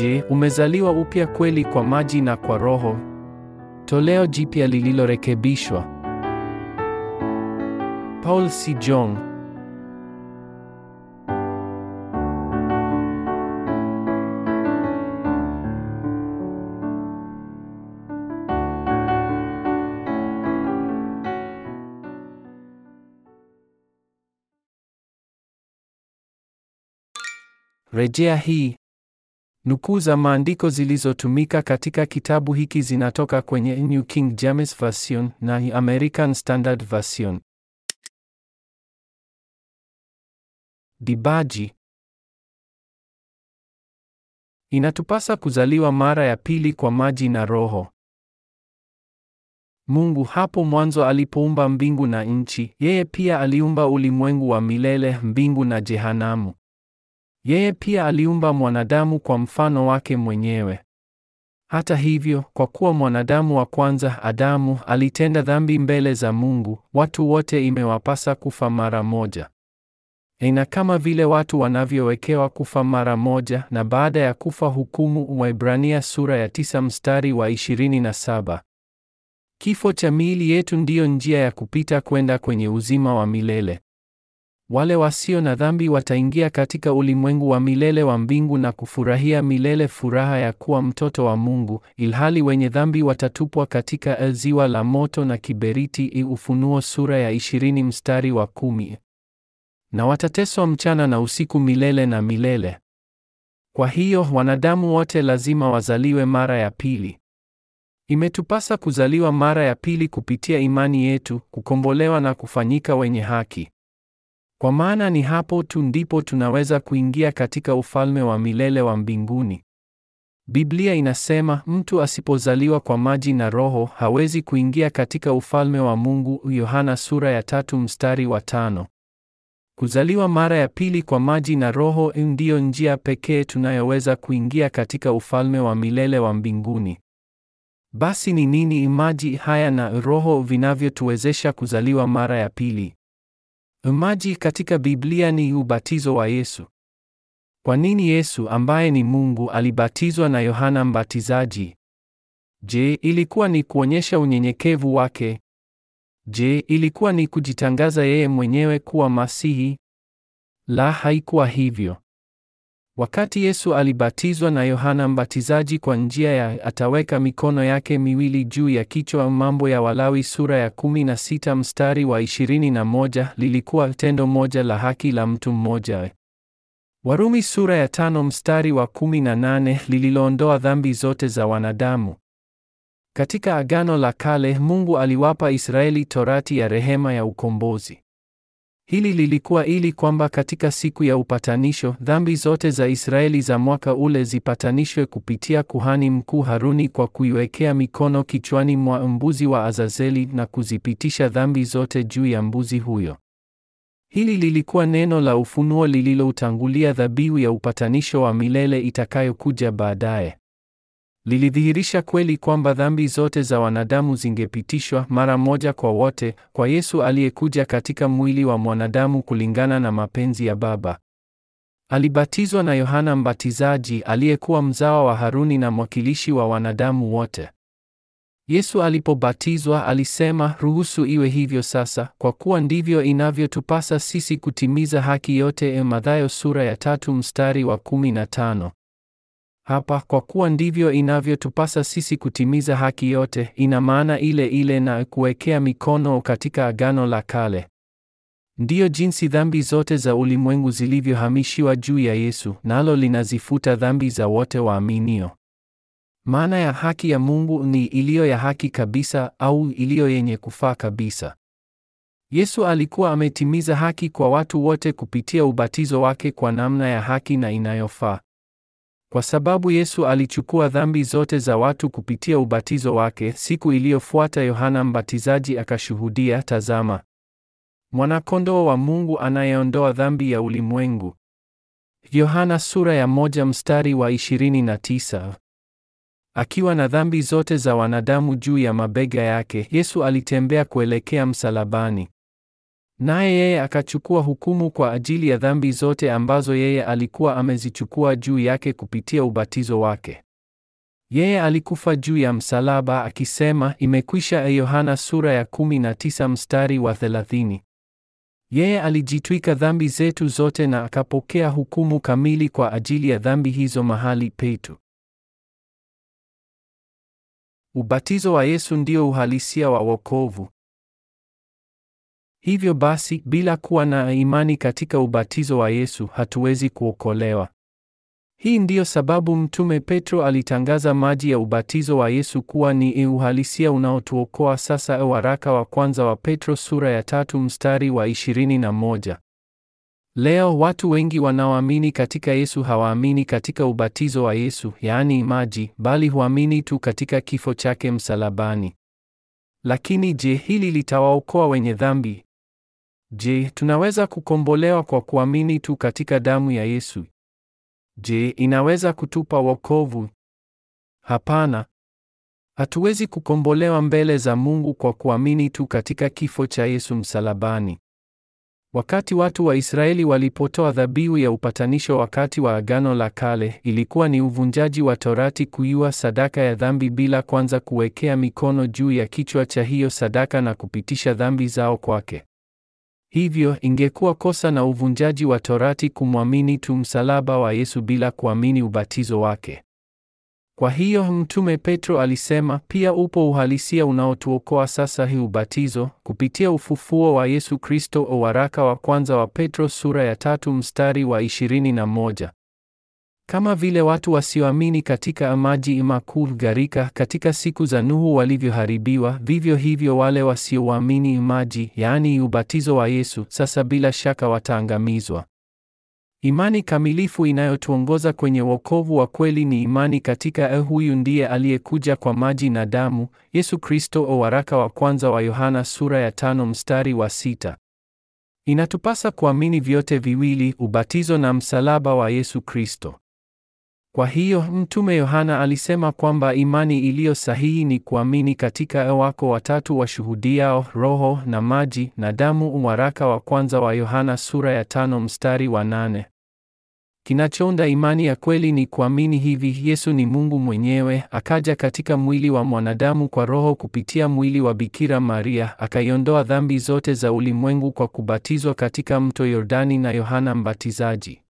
Je, umezaliwa upya kweli kwa maji na kwa Roho? Toleo jipya lililorekebishwa. Paul C. Jong. Rejea hii Nukuu za maandiko zilizotumika katika kitabu hiki zinatoka kwenye New King James Version na American Standard Version. Dibaji inatupasa kuzaliwa mara ya pili kwa maji na Roho. Mungu hapo mwanzo alipoumba mbingu na nchi, yeye pia aliumba ulimwengu wa milele, mbingu na jehanamu. Yeye pia aliumba mwanadamu kwa mfano wake mwenyewe. Hata hivyo, kwa kuwa mwanadamu wa kwanza Adamu alitenda dhambi mbele za Mungu, watu wote imewapasa kufa mara moja. Ina kama vile watu wanavyowekewa kufa mara moja na baada ya kufa hukumu, Waibrania sura ya 9 mstari wa 27. Kifo cha miili yetu ndiyo njia ya kupita kwenda kwenye uzima wa milele. Wale wasio na dhambi wataingia katika ulimwengu wa milele wa mbingu na kufurahia milele furaha ya kuwa mtoto wa Mungu, ilhali wenye dhambi watatupwa katika ziwa la moto na kiberiti i Ufunuo sura ya 20 mstari wa kumi. Na watateswa mchana na usiku milele na milele. Kwa hiyo wanadamu wote lazima wazaliwe mara ya pili. Imetupasa kuzaliwa mara ya pili kupitia imani yetu, kukombolewa na kufanyika wenye haki. Kwa maana ni hapo tu ndipo tunaweza kuingia katika ufalme wa milele wa mbinguni. Biblia inasema mtu asipozaliwa kwa maji na roho hawezi kuingia katika ufalme wa Mungu, Yohana sura ya tatu mstari wa tano. Kuzaliwa mara ya pili kwa maji na roho e, ndiyo njia pekee tunayoweza kuingia katika ufalme wa milele wa mbinguni. Basi ni nini maji haya na roho vinavyotuwezesha kuzaliwa mara ya pili? Maji katika Biblia ni ubatizo wa Yesu. Kwa nini Yesu ambaye ni Mungu alibatizwa na Yohana Mbatizaji? Je, ilikuwa ni kuonyesha unyenyekevu wake? Je, ilikuwa ni kujitangaza yeye mwenyewe kuwa Masihi? La, haikuwa hivyo. Wakati Yesu alibatizwa na Yohana Mbatizaji kwa njia ya ataweka mikono yake miwili juu ya kichwa, Mambo ya Walawi sura ya 16 mstari wa 21, lilikuwa tendo moja la haki la mtu mmoja. Warumi sura ya tano mstari wa 18, lililoondoa dhambi zote za wanadamu. Katika Agano la Kale, Mungu aliwapa Israeli torati ya rehema ya ukombozi. Hili lilikuwa ili kwamba katika siku ya upatanisho dhambi zote za Israeli za mwaka ule zipatanishwe kupitia kuhani mkuu Haruni kwa kuiwekea mikono kichwani mwa mbuzi wa Azazeli na kuzipitisha dhambi zote juu ya mbuzi huyo. Hili lilikuwa neno la ufunuo lililoutangulia dhabihu ya upatanisho wa milele itakayokuja baadaye lilidhihirisha kweli kwamba dhambi zote za wanadamu zingepitishwa mara moja kwa wote kwa Yesu aliyekuja katika mwili wa mwanadamu kulingana na mapenzi ya Baba. Alibatizwa na Yohana Mbatizaji aliyekuwa mzawa wa Haruni na mwakilishi wa wanadamu wote. Yesu alipobatizwa alisema, ruhusu iwe hivyo sasa, kwa kuwa ndivyo inavyotupasa sisi kutimiza haki yote. E, Mathayo sura ya tatu mstari wa 15 hapa, kwa kuwa ndivyo inavyotupasa sisi kutimiza haki yote, ina maana ile ile na kuwekea mikono katika Agano la Kale. Ndiyo jinsi dhambi zote za ulimwengu zilivyohamishiwa juu ya Yesu, nalo linazifuta dhambi za wote waaminio. Maana ya haki ya Mungu ni iliyo ya haki kabisa au iliyo yenye kufaa kabisa. Yesu alikuwa ametimiza haki kwa watu wote kupitia ubatizo wake kwa namna ya haki na inayofaa. Kwa sababu Yesu alichukua dhambi zote za watu kupitia ubatizo wake, siku iliyofuata Yohana Mbatizaji akashuhudia, tazama, mwanakondoo wa Mungu anayeondoa dhambi ya ulimwengu. Yohana sura ya moja mstari wa 29. Akiwa na dhambi zote za wanadamu juu ya mabega yake, Yesu alitembea kuelekea msalabani. Naye yeye akachukua hukumu kwa ajili ya dhambi zote ambazo yeye alikuwa amezichukua juu yake kupitia ubatizo wake. Yeye alikufa juu ya msalaba akisema, imekwisha. E Yohana sura ya 19 mstari wa 30. Yeye alijitwika dhambi zetu zote na akapokea hukumu kamili kwa ajili ya dhambi hizo mahali petu. Ubatizo wa Yesu ndio uhalisia wa wokovu. Hivyo basi, bila kuwa na imani katika ubatizo wa Yesu hatuwezi kuokolewa. Hii ndiyo sababu Mtume Petro alitangaza maji ya ubatizo wa Yesu kuwa ni uhalisia unaotuokoa sasa. Waraka wa kwanza wa Petro sura ya tatu mstari wa 21. Leo watu wengi wanaoamini katika Yesu hawaamini katika ubatizo wa Yesu, yaani maji, bali huamini tu katika kifo chake msalabani. Lakini je, hili litawaokoa wenye dhambi? Je, tunaweza kukombolewa kwa kuamini tu katika damu ya Yesu? Je, inaweza kutupa wokovu? Hapana. Hatuwezi kukombolewa mbele za Mungu kwa kuamini tu katika kifo cha Yesu msalabani. Wakati watu wa Israeli walipotoa dhabihu ya upatanisho wakati wa Agano la Kale, ilikuwa ni uvunjaji wa Torati kuiwa sadaka ya dhambi bila kwanza kuwekea mikono juu ya kichwa cha hiyo sadaka na kupitisha dhambi zao kwake. Hivyo ingekuwa kosa na uvunjaji wa torati kumwamini tu msalaba wa Yesu bila kuamini ubatizo wake. Kwa hiyo Mtume Petro alisema, pia upo uhalisia unaotuokoa sasa, hii ubatizo kupitia ufufuo wa Yesu Kristo. Waraka wa kwanza wa Petro sura ya tatu mstari wa 21. Kama vile watu wasioamini katika maji makulgharika katika siku za Nuhu walivyoharibiwa, vivyo hivyo wale wasioamini maji, yaani ubatizo wa Yesu, sasa bila shaka wataangamizwa. Imani kamilifu inayotuongoza kwenye wokovu wa kweli ni imani katika eh, huyu ndiye aliyekuja kwa maji na damu, Yesu Kristo. O, waraka wa kwanza wa Yohana sura ya tano mstari wa sita. Inatupasa kuamini vyote viwili, ubatizo na msalaba wa Yesu Kristo. Kwa hiyo Mtume Yohana alisema kwamba imani iliyo sahihi ni kuamini katika e wako watatu washuhudiao, Roho na maji na damu. Waraka wa kwanza wa Yohana sura ya tano mstari wa nane. Kinachounda imani ya kweli ni kuamini hivi: Yesu ni Mungu mwenyewe, akaja katika mwili wa mwanadamu kwa Roho kupitia mwili wa Bikira Maria, akaiondoa dhambi zote za ulimwengu kwa kubatizwa katika mto Yordani na Yohana Mbatizaji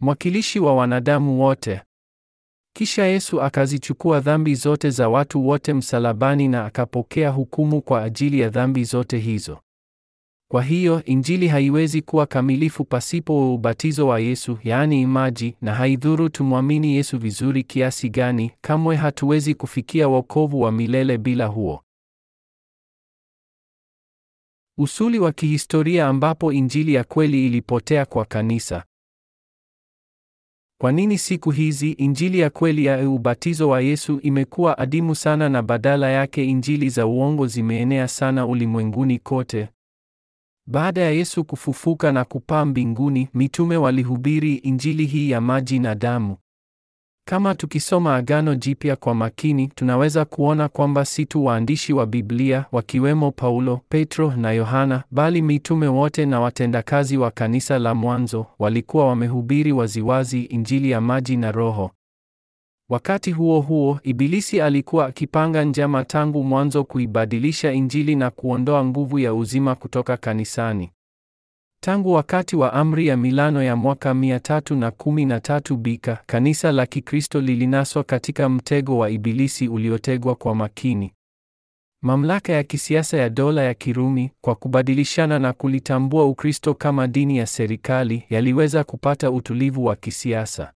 mwakilishi wa wanadamu wote. Kisha Yesu akazichukua dhambi zote za watu wote msalabani na akapokea hukumu kwa ajili ya dhambi zote hizo. Kwa hiyo injili haiwezi kuwa kamilifu pasipo ubatizo wa Yesu, yaani maji, na haidhuru tumwamini Yesu vizuri kiasi gani, kamwe hatuwezi kufikia wokovu wa milele bila huo. Usuli wa kihistoria ambapo injili ya kweli ilipotea kwa kanisa. Kwa nini siku hizi injili ya kweli ya ubatizo wa Yesu imekuwa adimu sana na badala yake injili za uongo zimeenea sana ulimwenguni kote? Baada ya Yesu kufufuka na kupaa mbinguni, mitume walihubiri injili hii ya maji na damu. Kama tukisoma Agano Jipya kwa makini, tunaweza kuona kwamba si tu waandishi wa Biblia wakiwemo Paulo, Petro na Yohana, bali mitume wote na watendakazi wa kanisa la mwanzo walikuwa wamehubiri waziwazi Injili ya maji na Roho. Wakati huo huo, Ibilisi alikuwa akipanga njama tangu mwanzo kuibadilisha Injili na kuondoa nguvu ya uzima kutoka kanisani. Tangu wakati wa amri ya Milano ya mwaka 313 Bika, kanisa la Kikristo lilinaswa katika mtego wa ibilisi uliotegwa kwa makini. Mamlaka ya kisiasa ya dola ya Kirumi, kwa kubadilishana na kulitambua Ukristo kama dini ya serikali, yaliweza kupata utulivu wa kisiasa.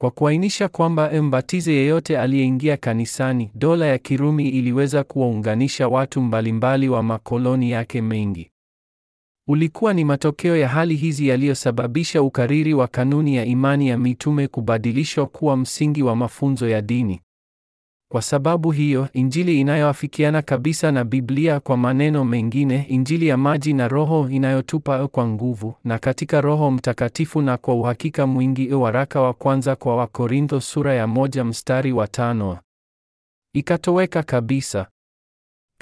Kwa kuainisha kwamba mbatize yeyote aliyeingia kanisani, dola ya Kirumi iliweza kuwaunganisha watu mbalimbali wa makoloni yake mengi ulikuwa ni matokeo ya hali hizi yaliyosababisha ukariri wa kanuni ya imani ya mitume kubadilishwa kuwa msingi wa mafunzo ya dini. Kwa sababu hiyo, Injili inayoafikiana kabisa na Biblia kwa maneno mengine, Injili ya maji na Roho inayotupa kwa nguvu na katika Roho Mtakatifu na kwa uhakika mwingi, waraka wa kwanza kwa Wakorintho sura ya moja mstari wa tano, ikatoweka kabisa.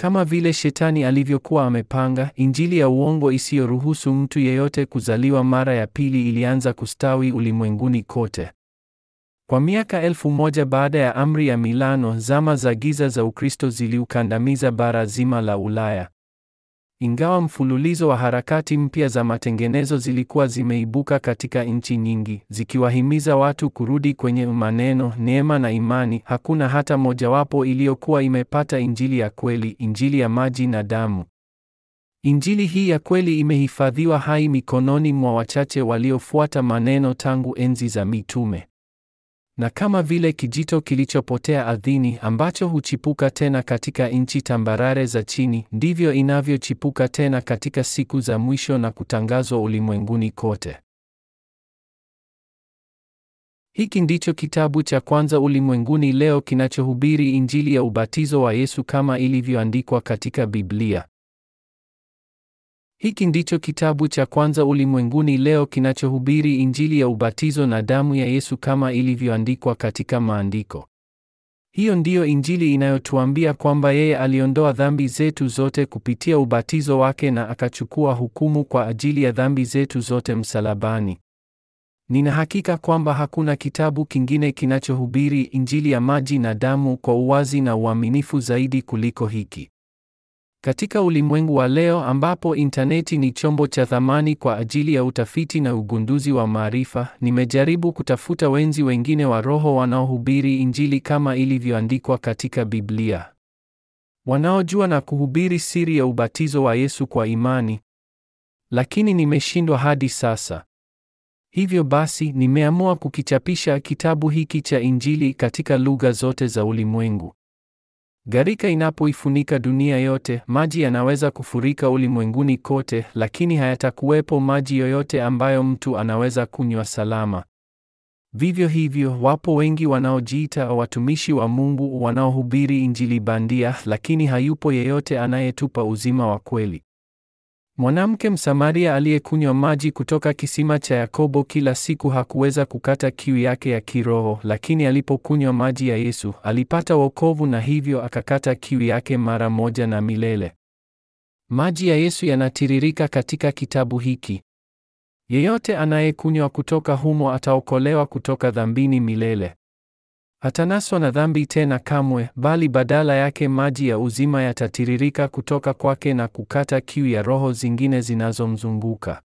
Kama vile shetani alivyokuwa amepanga, injili ya uongo isiyoruhusu mtu yeyote kuzaliwa mara ya pili ilianza kustawi ulimwenguni kote. Kwa miaka elfu moja baada ya amri ya Milano, zama za giza za Ukristo ziliukandamiza bara zima la Ulaya. Ingawa mfululizo wa harakati mpya za matengenezo zilikuwa zimeibuka katika nchi nyingi, zikiwahimiza watu kurudi kwenye maneno, neema na imani, hakuna hata mojawapo iliyokuwa imepata injili ya kweli, injili ya maji na damu. Injili hii ya kweli imehifadhiwa hai mikononi mwa wachache waliofuata maneno tangu enzi za mitume na kama vile kijito kilichopotea ardhini ambacho huchipuka tena katika nchi tambarare za chini, ndivyo inavyochipuka tena katika siku za mwisho na kutangazwa ulimwenguni kote. Hiki ndicho kitabu cha kwanza ulimwenguni leo kinachohubiri Injili ya ubatizo wa Yesu kama ilivyoandikwa katika Biblia. Hiki ndicho kitabu cha kwanza ulimwenguni leo kinachohubiri Injili ya ubatizo na damu ya Yesu kama ilivyoandikwa katika maandiko. Hiyo ndiyo Injili inayotuambia kwamba yeye aliondoa dhambi zetu zote kupitia ubatizo wake na akachukua hukumu kwa ajili ya dhambi zetu zote msalabani. Nina hakika kwamba hakuna kitabu kingine kinachohubiri Injili ya maji na damu kwa uwazi na uaminifu zaidi kuliko hiki. Katika ulimwengu wa leo ambapo intaneti ni chombo cha thamani kwa ajili ya utafiti na ugunduzi wa maarifa, nimejaribu kutafuta wenzi wengine wa roho wanaohubiri Injili kama ilivyoandikwa katika Biblia, wanaojua na kuhubiri siri ya ubatizo wa Yesu kwa imani, lakini nimeshindwa hadi sasa. Hivyo basi, nimeamua kukichapisha kitabu hiki cha Injili katika lugha zote za ulimwengu. Gharika inapoifunika dunia yote, maji yanaweza kufurika ulimwenguni kote, lakini hayatakuwepo maji yoyote ambayo mtu anaweza kunywa salama. Vivyo hivyo, wapo wengi wanaojiita watumishi wa Mungu wanaohubiri injili bandia, lakini hayupo yeyote anayetupa uzima wa kweli. Mwanamke Msamaria aliyekunywa maji kutoka kisima cha Yakobo kila siku hakuweza kukata kiu yake ya kiroho, lakini alipokunywa maji ya Yesu, alipata wokovu na hivyo akakata kiu yake mara moja na milele. Maji ya Yesu yanatiririka katika kitabu hiki. Yeyote anayekunywa kutoka humo ataokolewa kutoka dhambini milele hatanaswa na dhambi tena kamwe, bali badala yake maji ya uzima yatatiririka kutoka kwake na kukata kiu ya roho zingine zinazomzunguka.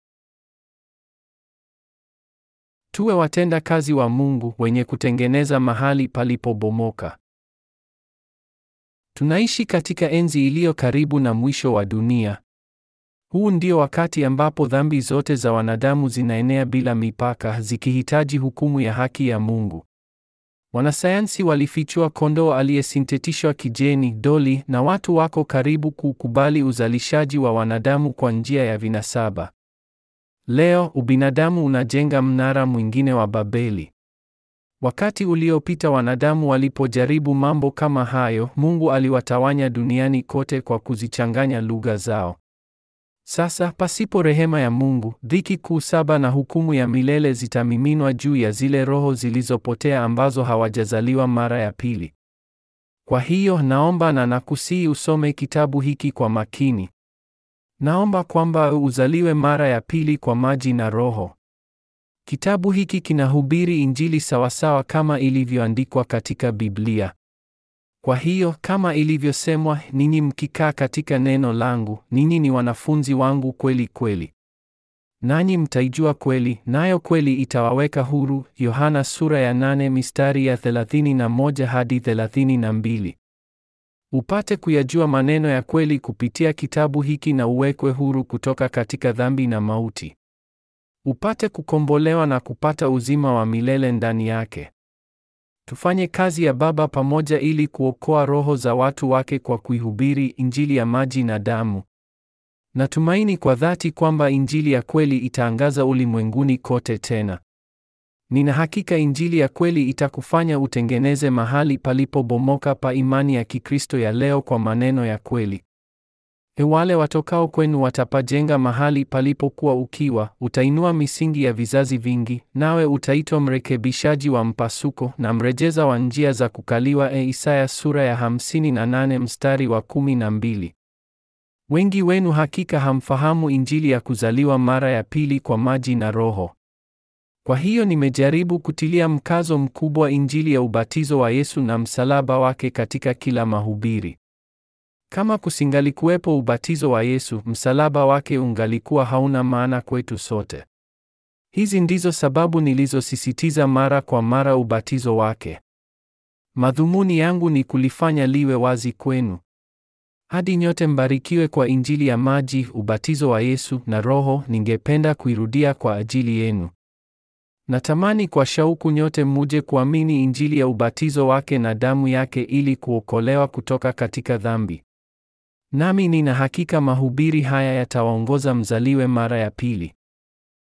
Tuwe watenda kazi wa Mungu wenye kutengeneza mahali palipobomoka. Tunaishi katika enzi iliyo karibu na mwisho wa dunia. Huu ndio wakati ambapo dhambi zote za wanadamu zinaenea bila mipaka, zikihitaji hukumu ya haki ya Mungu. Wanasayansi walifichua kondoo aliyesintetishwa kijeni, doli, na watu wako karibu kukubali uzalishaji wa wanadamu kwa njia ya vinasaba. Leo ubinadamu unajenga mnara mwingine wa Babeli. Wakati uliopita wanadamu walipojaribu mambo kama hayo, Mungu aliwatawanya duniani kote kwa kuzichanganya lugha zao. Sasa pasipo rehema ya Mungu, dhiki kuu saba na hukumu ya milele zitamiminwa juu ya zile roho zilizopotea ambazo hawajazaliwa mara ya pili. Kwa hiyo naomba na nakusihi usome kitabu hiki kwa makini. Naomba kwamba uzaliwe mara ya pili kwa maji na Roho. Kitabu hiki kinahubiri Injili sawasawa kama ilivyoandikwa katika Biblia. Kwa hiyo kama ilivyosemwa, ninyi mkikaa katika neno langu, ninyi ni wanafunzi wangu kweli kweli. Nanyi mtaijua kweli, nayo kweli itawaweka huru. Yohana sura ya nane mistari ya 31 hadi 32. Upate kuyajua maneno ya kweli kupitia kitabu hiki na uwekwe huru kutoka katika dhambi na mauti. Upate kukombolewa na kupata uzima wa milele ndani yake. Tufanye kazi ya Baba pamoja ili kuokoa roho za watu wake kwa kuihubiri Injili ya maji na damu. Natumaini kwa dhati kwamba Injili ya kweli itaangaza ulimwenguni kote tena. Nina hakika Injili ya kweli itakufanya utengeneze mahali palipobomoka pa imani ya Kikristo ya leo kwa maneno ya kweli. Wale watokao kwenu watapajenga mahali palipokuwa ukiwa, utainua misingi ya vizazi vingi, nawe utaitwa mrekebishaji wa mpasuko na mrejeza wa njia za kukaliwa. E, Isaya sura ya 58 mstari wa 12. Wengi wenu hakika hamfahamu injili ya kuzaliwa mara ya pili kwa maji na Roho. Kwa hiyo nimejaribu kutilia mkazo mkubwa injili ya ubatizo wa Yesu na msalaba wake katika kila mahubiri. Kama kusingalikuwepo ubatizo wa Yesu, msalaba wake ungalikuwa hauna maana kwetu sote. Hizi ndizo sababu nilizosisitiza mara kwa mara ubatizo wake. Madhumuni yangu ni kulifanya liwe wazi kwenu. Hadi nyote mbarikiwe kwa Injili ya maji, ubatizo wa Yesu na Roho, ningependa kuirudia kwa ajili yenu. Natamani kwa shauku nyote muje kuamini Injili ya ubatizo wake na damu yake ili kuokolewa kutoka katika dhambi. Nami nina hakika mahubiri haya yatawaongoza mzaliwe mara ya pili.